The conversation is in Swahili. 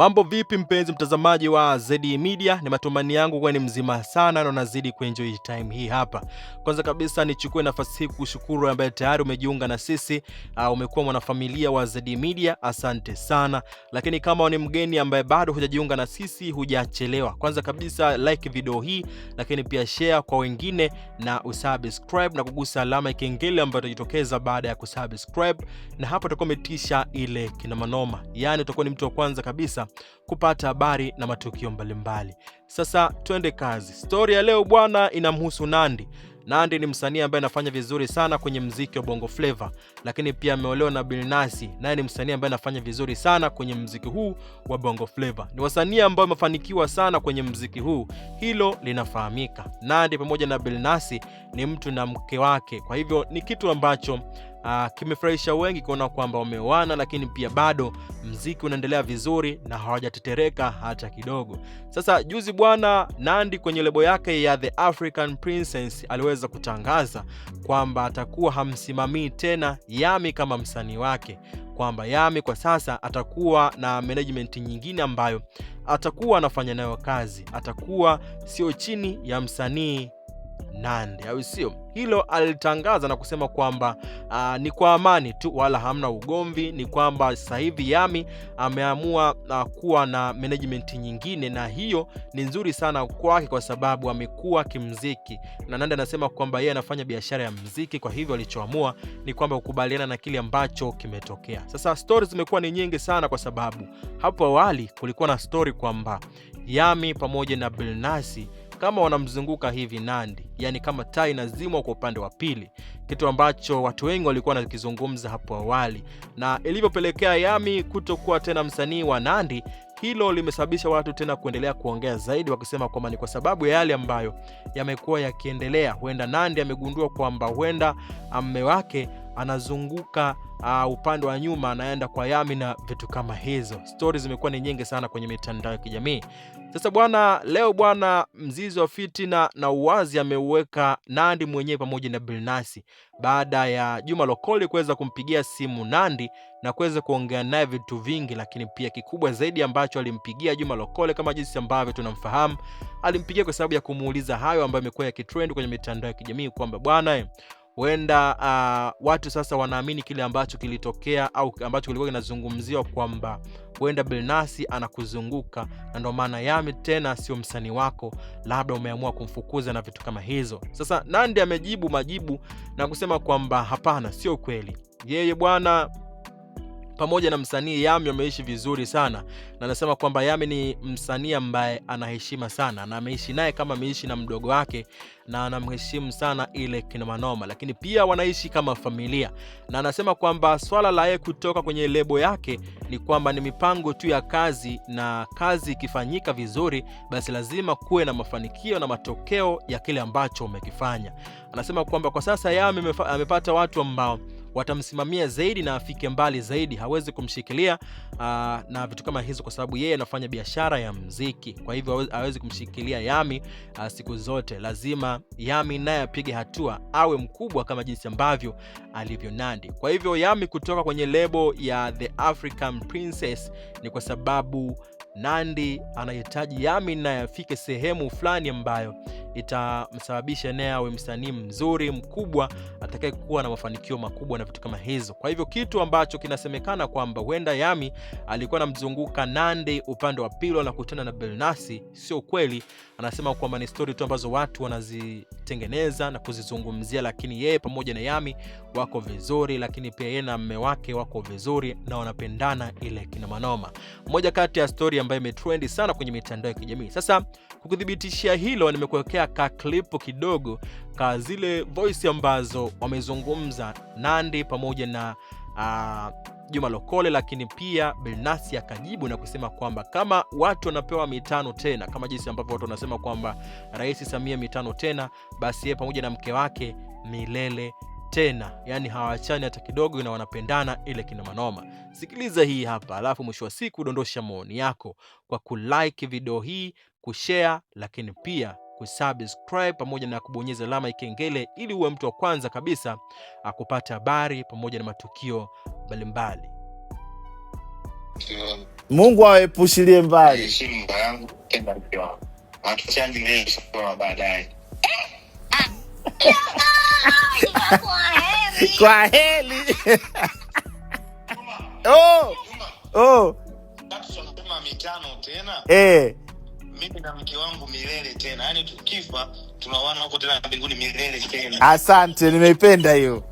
Mambo vipi mpenzi mtazamaji wa ZD Media, ni matumaini yangu kuwa ni mzima sana na unazidi kuenjoy time hii hapa. Kwanza kabisa nichukue nafasi hii kushukuru ambaye tayari umejiunga na sisi, uh, umekuwa mwanafamilia wa ZD Media, asante sana. Lakini kama ni mgeni ambaye bado hujajiunga na sisi, hujachelewa. Kwanza kabisa like video hii, lakini pia share kwa wengine na usubscribe na kugusa alama ya kengele ambayo itajitokeza baada ya kusubscribe, na hapo utakuwa umetisha ile kina manoma, yani utakuwa ni mtu wa kwanza kabisa kupata habari na matukio mbalimbali mbali. Sasa twende kazi. Stori ya leo bwana inamhusu nandi nandi ni msanii ambaye anafanya vizuri sana kwenye mziki wa Bongo Flava, lakini pia ameolewa na bilnasi naye ni msanii ambaye anafanya vizuri sana kwenye mziki huu wa Bongo Flava. Ni wasanii ambao wamefanikiwa sana kwenye mziki huu, hilo linafahamika. nandi pamoja na bilnasi ni mtu na mke wake, kwa hivyo ni kitu ambacho Ah, kimefurahisha wengi kuona kwamba wameoana, lakini pia bado mziki unaendelea vizuri na hawajatetereka hata kidogo. Sasa juzi bwana Nandi kwenye lebo yake ya The African Princess aliweza kutangaza kwamba atakuwa hamsimamii tena Yami kama msanii wake, kwamba Yami kwa sasa atakuwa na management nyingine ambayo atakuwa anafanya nayo kazi, atakuwa sio chini ya msanii Nandi, au sio? Hilo alitangaza na kusema kwamba uh, ni kwa amani tu, wala hamna ugomvi. Ni kwamba sasa hivi Yami ameamua uh, kuwa na management nyingine, na hiyo ni nzuri sana kwake kwa sababu amekuwa kimziki, na Nandi anasema kwamba yeye anafanya biashara ya mziki, kwa hivyo alichoamua ni kwamba kukubaliana na kile ambacho kimetokea. Sasa stories zimekuwa ni nyingi sana, kwa sababu hapo awali kulikuwa na story kwamba Yami pamoja na bilnasi kama wanamzunguka hivi Nandi, yani kama taa inazimwa kwa upande wa pili, kitu ambacho watu wengi walikuwa wanakizungumza hapo awali, na ilivyopelekea Yami kutokuwa tena msanii wa Nandi. Hilo limesababisha watu tena kuendelea kuongea zaidi, wakisema kwamba ni kwa sababu ya yale ambayo yamekuwa yakiendelea. Huenda Nandi amegundua kwamba huenda mme wake anazunguka uh, upande wa nyuma anaenda kwa Yami na vitu kama hizo. Stori zimekuwa ni nyingi sana kwenye mitandao ya kijamii. Sasa bwana, leo bwana, mzizi wa fitina na uwazi ameuweka Nandi mwenyewe pamoja na Bilnasi baada ya Juma Lokole kuweza kumpigia simu Nandi na kuweza kuongea naye vitu vingi, lakini pia kikubwa zaidi ambacho alimpigia Juma Lokole, kama jinsi ambavyo tunamfahamu, alimpigia kwa sababu ya kumuuliza hayo ambayo amekuwa yakitrend kwenye mitandao ya kijamii kwamba bwana huenda uh, watu sasa wanaamini kile ambacho kilitokea au ambacho kilikuwa kinazungumziwa kwamba huenda Bilnasi anakuzunguka na ndio maana Yami tena sio msanii wako, labda umeamua kumfukuza na vitu kama hizo. Sasa Nandy amejibu majibu na kusema kwamba hapana, sio kweli, yeye bwana pamoja na msanii Yami wameishi vizuri sana, na anasema kwamba Yami ni msanii ambaye anaheshima sana na ameishi naye kama ameishi na mdogo wake na anamheshimu sana ile kinamanoma, lakini pia wanaishi kama familia, na anasema kwamba swala la yeye kutoka kwenye lebo yake ni kwamba ni mipango tu ya kazi, na kazi ikifanyika vizuri, basi lazima kuwe na mafanikio na matokeo ya kile ambacho umekifanya. Anasema kwamba kwa sasa Yami amepata watu ambao watamsimamia zaidi na afike mbali zaidi, hawezi kumshikilia uh, na vitu kama hizo, kwa sababu yeye anafanya biashara ya mziki. Kwa hivyo hawezi kumshikilia Yami uh, siku zote, lazima Yami naye apige hatua, awe mkubwa kama jinsi ambavyo alivyo nandi Kwa hivyo Yami kutoka kwenye lebo ya The African Princess ni kwa sababu Nandi anahitaji Yamin naye afike sehemu fulani ambayo itamsababisha naye awe msanii mzuri mkubwa atakaye kuwa na mafanikio makubwa na vitu kama hizo. Kwa hivyo kitu ambacho kinasemekana kwamba huenda Yami alikuwa anamzunguka Nandi upande wa pili na kutana na Belnasi, sio kweli. Anasema kwamba ni stori tu ambazo watu wanazitengeneza na kuzizungumzia, lakini yeye pamoja na Yami wako vizuri, lakini pia yeye na mme wake wako vizuri na wanapendana ile kinamanoma. Moja kati ya stori ambayo imetrendi sana kwenye mitandao ya kijamii. Sasa kukudhibitishia hilo, nimekuwekea ka klipu kidogo ka zile voice ambazo wamezungumza Nandy pamoja na uh, Juma Lokole lakini pia bilnasi akajibu na kusema kwamba kama watu wanapewa mitano tena, kama jinsi ambavyo watu wanasema kwamba Rais Samia mitano tena, basi yeye pamoja na mke wake milele tena, yani hawachani hata kidogo, na wanapendana ile kinomanoma Sikiliza hii hapa, alafu mwisho wa siku dondosha maoni yako kwa kulike video hii, kushare, lakini pia kusubscribe pamoja na kubonyeza alama ya kengele ili uwe mtu wa kwanza kabisa akupata ah, habari pamoja na matukio mbalimbali. Mungu awaepushilie mbali. Kwa heri. Oh. Oh. oh. Eh. Yaani Asante, nimeipenda hiyo.